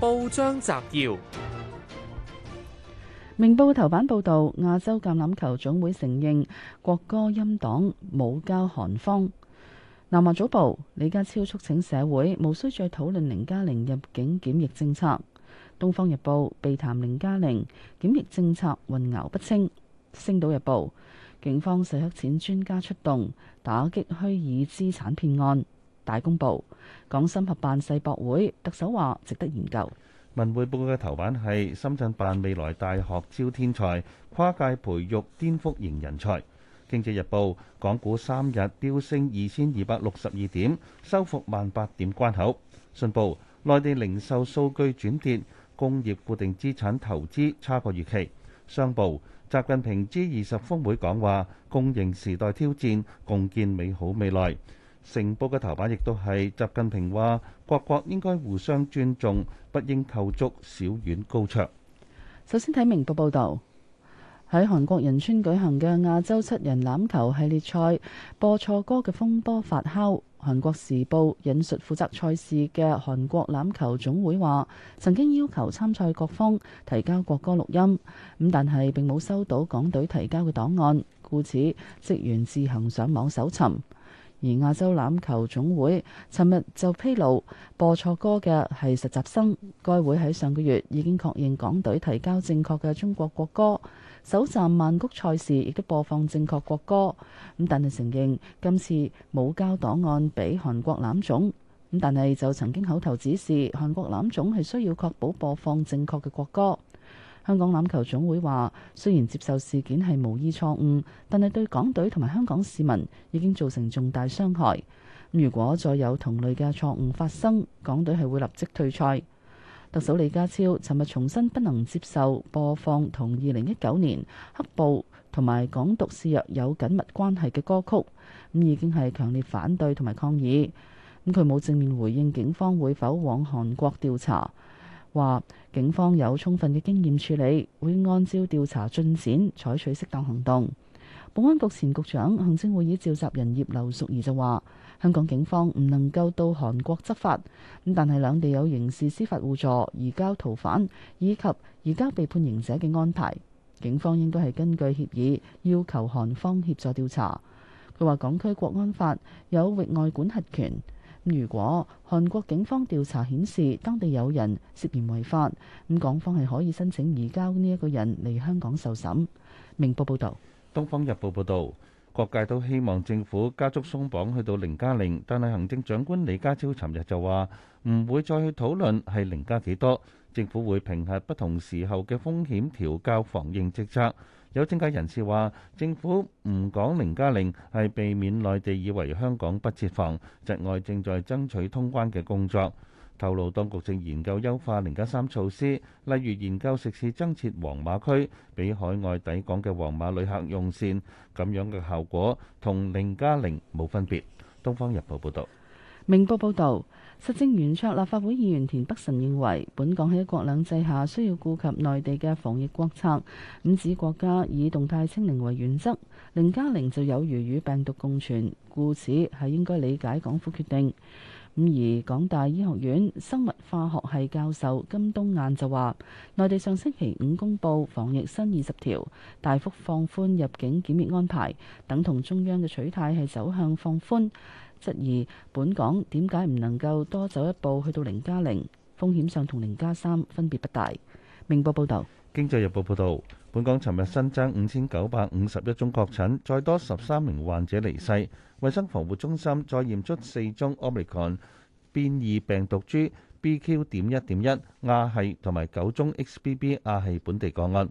報章摘要：明報頭版報道，亞洲橄欖球總會承認國歌音檔冇交韓方。南華早報李家超促請社會無需再討論零加零入境檢疫政策。東方日報被談零加零檢疫政策混淆不清。星島日報警方洗黑錢專家出動打擊虛擬資產騙案。大公報，港深合辦世博會，特首話值得研究。文匯報嘅頭版係深圳辦未來大學招天才，跨界培育顛覆型人才。經濟日報，港股三日飆升二千二百六十二點，收復萬八點關口。信報，內地零售數據轉跌，工業固定資產投資差過預期。商報，習近平 G20 峰會講話，共迎時代挑戰，共建美好未來。成報嘅頭版亦都係習近平話：各國應該互相尊重，不應構築小院高牆。首先睇明報報道，喺韓國仁川舉行嘅亞洲七人欖球系列賽播錯歌嘅風波發酵。韓國時報引述負責賽事嘅韓國欖球總會話：曾經要求參賽各方提交國歌錄音，咁但係並冇收到港隊提交嘅檔案，故此職員自行上網搜尋。而亞洲欖球總會尋日就披露播錯歌嘅係實習生，該會喺上個月已經確認港隊提交正確嘅中國國歌，首站曼谷賽事亦都播放正確國歌。咁但係承認今次冇交檔案俾韓國欖總，咁但係就曾經口頭指示韓國欖總係需要確保播放正確嘅國歌。香港欖球總會話：雖然接受事件係無意錯誤，但係對港隊同埋香港市民已經造成重大傷害。咁如果再有同類嘅錯誤發生，港隊係會立即退賽。特首李家超尋日重申不能接受播放同2019年黑暴同埋港獨試約有緊密關係嘅歌曲，咁已經係強烈反對同埋抗議。咁佢冇正面回應警方會否往韓國調查。話警方有充分嘅經驗處理，會按照調查進展採取適當行動。保安局前局長行政會議召集人葉劉淑儀就話：香港警方唔能夠到韓國執法，咁但係兩地有刑事司法互助、移交逃犯以及移交被判刑者嘅安排。警方應該係根據協議要求韓方協助調查。佢話港區國安法有域外管轄權。如果韓國警方調查顯示當地有人涉嫌違法，咁港方係可以申請移交呢一個人嚟香港受審。明報報道。《東方日報》報道，各界都希望政府加速鬆綁，去到零加零，但係行政長官李家超尋日就話唔會再去討論係零加幾多，政府會評核不同時候嘅風險調校防疫政策。有政界人士話：政府唔講零加零係避免內地以為香港不設防，窒外正在爭取通關嘅工作。透露，當局正研究優化零加三措施，例如研究食肆增設黃碼區，俾海外抵港嘅黃碼旅客用膳，咁樣嘅效果同零加零冇分別。《東方日報》報道。明報報導，實政圓桌立法會議員田北辰認為，本港喺一國兩制下需要顧及內地嘅防疫國策，咁指國家以動態清零為原則，零加零就有如與病毒共存，故此係應該理解港府決定。咁而港大醫學院生物化學系教授金冬雁就話，內地上星期五公布防疫新二十條，大幅放寬入境檢疫安排，等同中央嘅取態係走向放寬。質疑本港點解唔能夠多走一步去到零加零，風險上同零加三分別不大。明報報導，《經濟日報》報導，本港尋日新增五千九百五十一宗確診，再多十三名患者離世。衛生防護中心再驗出四宗 Omicron，變異病毒株 BQ 點一點一亞系同埋九宗 XBB 亞系本地個案。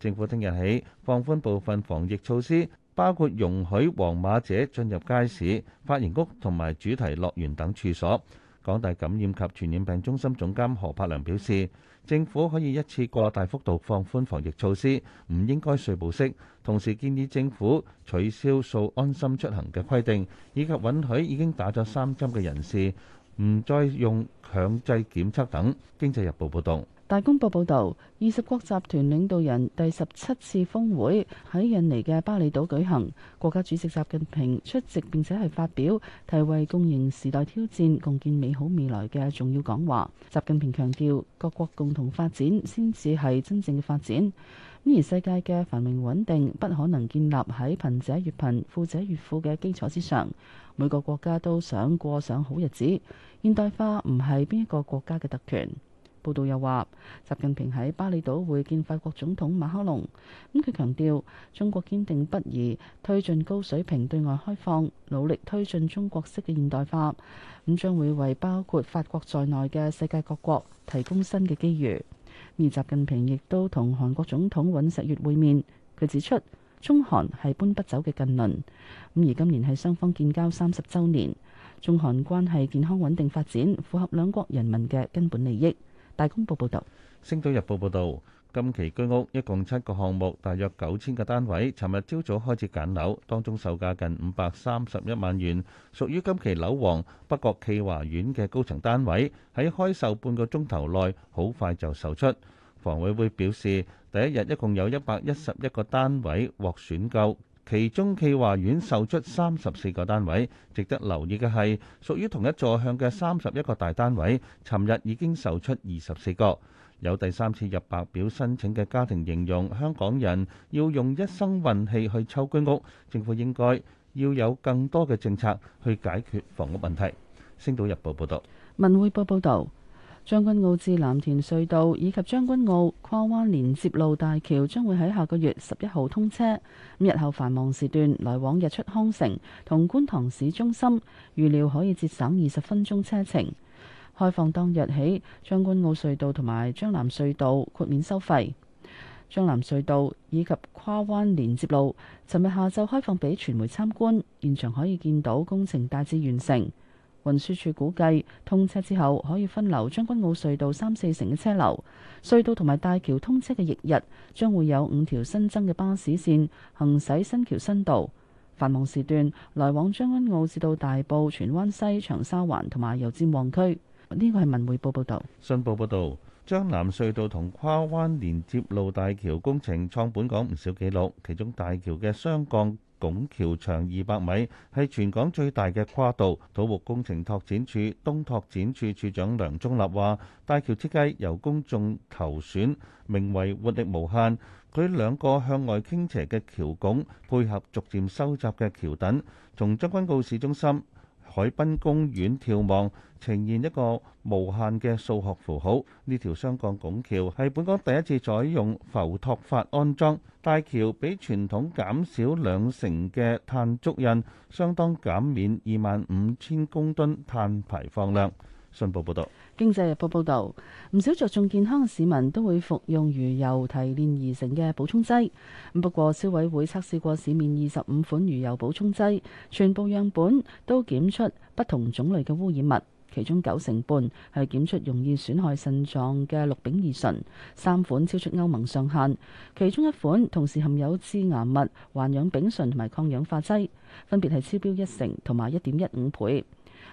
政府聽日起放寬部分防疫措施。包括容許黃碼者進入街市、髮型屋同埋主題樂園等處所。港大感染及傳染病中心總監何柏良表示，政府可以一次過大幅度放寬防疫措施，唔應該碎步式。同時建議政府取消數安心出行嘅規定，以及允許已經打咗三針嘅人士唔再用強制檢測等。經濟日報報導。大公報報導，二十國集團領導人第十七次峰會喺印尼嘅巴里島舉行，國家主席習近平出席並且係發表題為《共迎時代挑戰，共建美好未來》嘅重要講話。習近平強調，各國共同發展先至係真正嘅發展，而世界嘅繁榮穩定不可能建立喺貧者越貧、富者越富嘅基礎之上。每個國家都想過上好日子，現代化唔係邊一個國家嘅特權。報道又話，習近平喺巴厘島會見法國總統馬克龍，咁佢強調中國堅定不移推進高水平對外開放，努力推進中國式嘅現代化，咁將會為包括法國在內嘅世界各國提供新嘅機遇。而習近平亦都同韓國總統尹錫悅會面，佢指出中韓係搬不走嘅近鄰，咁而今年係雙方建交三十週年，中韓關係健康穩定發展，符合兩國人民嘅根本利益。大公報報道，《星島日報》報道，今期居屋一共七個項目，大約九千個單位，尋日朝早開始揀樓，當中售價近五百三十一萬元，屬於今期樓王北角驥華苑嘅高層單位，喺開售半個鐘頭內，好快就售出。房委會表示，第一日一共有一百一十一個單位獲選購。其中，暨華苑售出三十四個單位，值得留意嘅係，屬於同一座向嘅三十一個大單位，尋日已經售出二十四個，有第三次入白表申請嘅家庭形容，香港人要用一生運氣去抽居屋，政府應該要有更多嘅政策去解決房屋問題。星島日報報道，文匯報報道。咁將軍澳至藍田隧道以及將軍澳跨灣連接路大橋將會喺下個月十一號通車。日後繁忙時段來往日出康城同觀塘市中心，預料可以節省二十分鐘車程。開放當日起，將軍澳隧道同埋將藍隧道豁免收費。將藍隧道以及跨灣連接路，尋日下晝開放俾傳媒參觀，現場可以見到工程大致完成。運輸署估計通車之後可以分流將軍澳隧道三四成嘅車流，隧道同埋大橋通車嘅翌日，將會有五條新增嘅巴士綫行駛新橋新道。繁忙時段來往將軍澳至到大埔、荃灣西、長沙灣同埋油尖旺區。呢個係文匯報報道，信報報道，將藍隧道同跨灣連接路大橋工程創本港唔少紀錄，其中大橋嘅雙鋼。拱橋長二百米，係全港最大嘅跨度。土木工程拓展署東拓展處處長梁宗立話：大橋設計由公眾投選，名為活力無限。佢兩個向外傾斜嘅橋拱，配合逐漸收窄嘅橋墩，從將軍澳市中心海濱公園眺望，呈現一個無限嘅數學符號。呢條雙鋼拱橋係本港第一次採用浮托法安裝大橋，比傳統減少兩成嘅碳足印，相當減免二萬五千公噸碳排放量。信報報道。經濟日報報導，唔少着重健康嘅市民都會服用魚油提煉而成嘅補充劑。不過，消委會測試過市面二十五款魚油補充劑，全部樣本都檢出不同種類嘅污染物，其中九成半係檢出容易損害腎臟嘅氯丙二醇，三款超出歐盟上限。其中一款同時含有致癌物環氧丙醇同埋抗氧化劑，分別係超標一成同埋一點一五倍。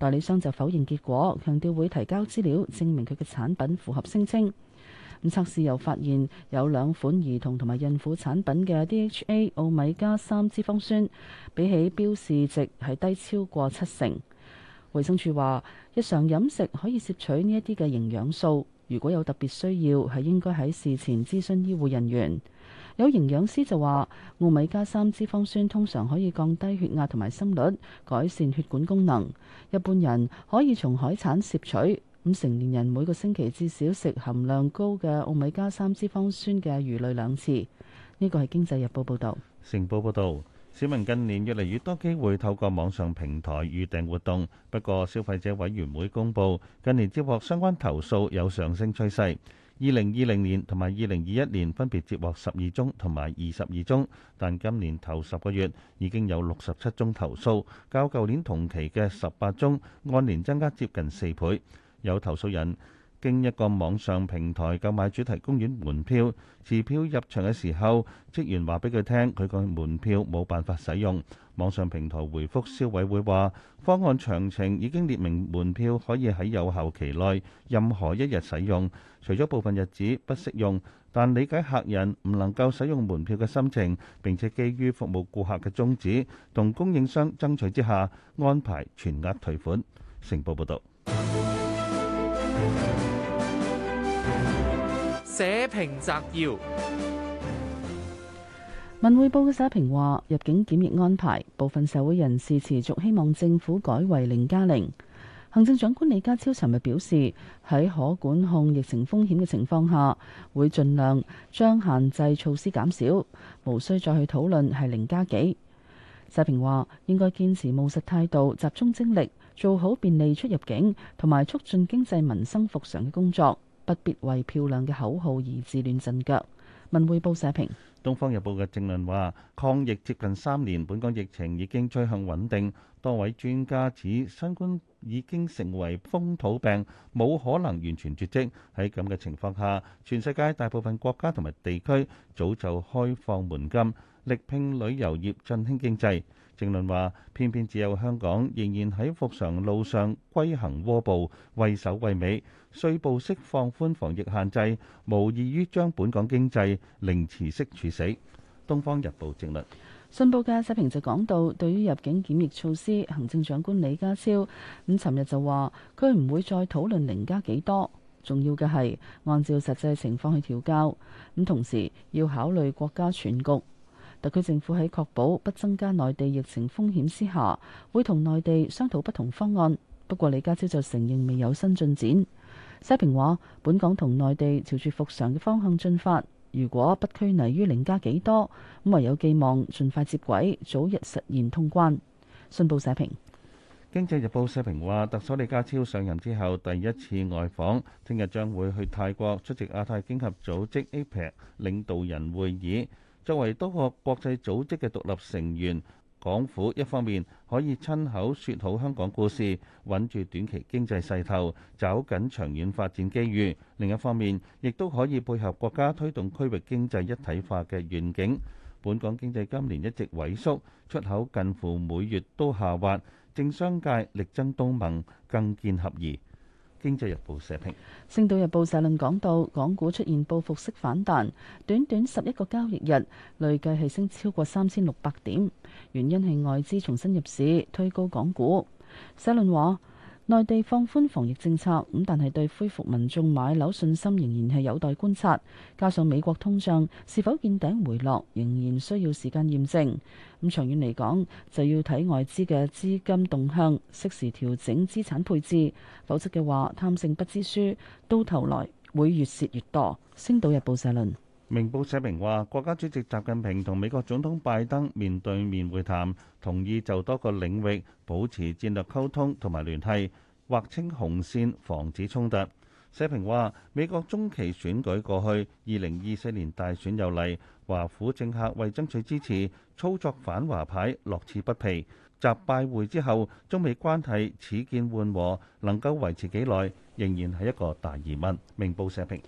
代理商就否認結果，強調會提交資料證明佢嘅產品符合聲稱。咁、嗯、測試又發現有兩款兒童同埋孕婦產品嘅 DHA 奧米加三脂肪酸，比起標示值係低超過七成。衛生署話：日常飲食可以攝取呢一啲嘅營養素，如果有特別需要，係應該喺事前諮詢醫護人員。有營養師就話，奧米加三脂肪酸通常可以降低血壓同埋心率，改善血管功能。一般人可以從海產攝取，咁成年人每個星期至少食含量高嘅奧米加三脂肪酸嘅魚類兩次。呢個係經濟日報報導。成報報導，市民近年越嚟越多機會透過網上平台預訂活動，不過消費者委員會公布，近年接獲相關投訴有上升趨勢。二零二零年同埋二零二一年分別接獲十二宗同埋二十二宗，但今年頭十個月已經有六十七宗投訴，較舊年同期嘅十八宗按年增加接近四倍。有投訴人經一個網上平台購買主題公園門票，持票入場嘅時候，職員話俾佢聽佢個門票冇辦法使用。網上平台回覆消委會話，方案詳情已經列明門票可以喺有效期內任何一日使用，除咗部分日子不適用，但理解客人唔能夠使用門票嘅心情，並且基於服務顧客嘅宗旨，同供應商爭取之下安排全額退款。成報報導。社評摘要。文匯報嘅社評話，入境檢疫安排部分社會人士持續希望政府改為零加零。行政長官李家超尋日表示，喺可管控疫情風險嘅情況下，會盡量將限制措施減少，無需再去討論係零加幾。社評話，應該堅持務實態度，集中精力做好便利出入境同埋促進經濟民生復常嘅工作，不必為漂亮嘅口號而自亂陣腳。文匯報社評。《東方日報》嘅正論話：抗疫接近三年，本港疫情已經趨向穩定。多位專家指，新冠已經成為風土病，冇可能完全絕跡。喺咁嘅情況下，全世界大部分國家同埋地區早就開放門禁，力拼旅遊業，振興經濟。政論話，偏偏只有香港仍然喺復常路上龜行蝸步、畏首畏尾。逐步釋放寬防疫限制，無異於將本港經濟凌遲式處死。《東方日報》政論。信報嘅社評就講到，對於入境檢疫措施，行政長官李家超咁，尋日就話佢唔會再討論零加幾多，重要嘅係按照實際情況去調校，咁同時要考慮國家全局。特區政府喺確保不增加內地疫情風險之下，會同內地商討不同方案。不過李家超就承認未有新進展。社評話：本港同內地朝住復常嘅方向進發，如果不拘泥於零加幾多，咁唯有寄望盡快接軌，早日實現通關。信報社評，《經濟日報》社評話：特首李家超上任之後第一次外訪，聽日將會去泰國出席亞太經合組織 APEC 領導人會議。作為多個國際組織嘅獨立成員，港府一方面可以親口說好香港故事，穩住短期經濟勢頭，抓緊長遠發展機遇；另一方面，亦都可以配合國家推動區域經濟一體化嘅願景。本港經濟今年一直萎縮，出口近乎每月都下滑，政商界力爭東盟，更見合宜。經濟日報社評。《星島日報》社論講到，港股出現報復式反彈，短短十一個交易日，累計係升超過三千六百點，原因係外資重新入市，推高港股。社論話。內地放寬防疫政策，咁但係對恢復民眾買樓信心仍然係有待觀察。加上美國通脹是否見頂回落，仍然需要時間驗證。咁長遠嚟講，就要睇外資嘅資金動向，適時調整資產配置，否則嘅話，貪勝不知輸，到頭來會越蝕越多。星島日報社論。明報社評話，國家主席習近平同美國總統拜登面對面會談，同意就多個領域保持戰略溝通同埋聯繫，劃清紅線，防止衝突。社評話，美國中期選舉過去，二零二四年大選又嚟，華府政客為爭取支持，操作反華牌，樂此不疲。習拜會之後，中美關係始見緩和，能夠維持幾耐，仍然係一個大疑問。明報社評。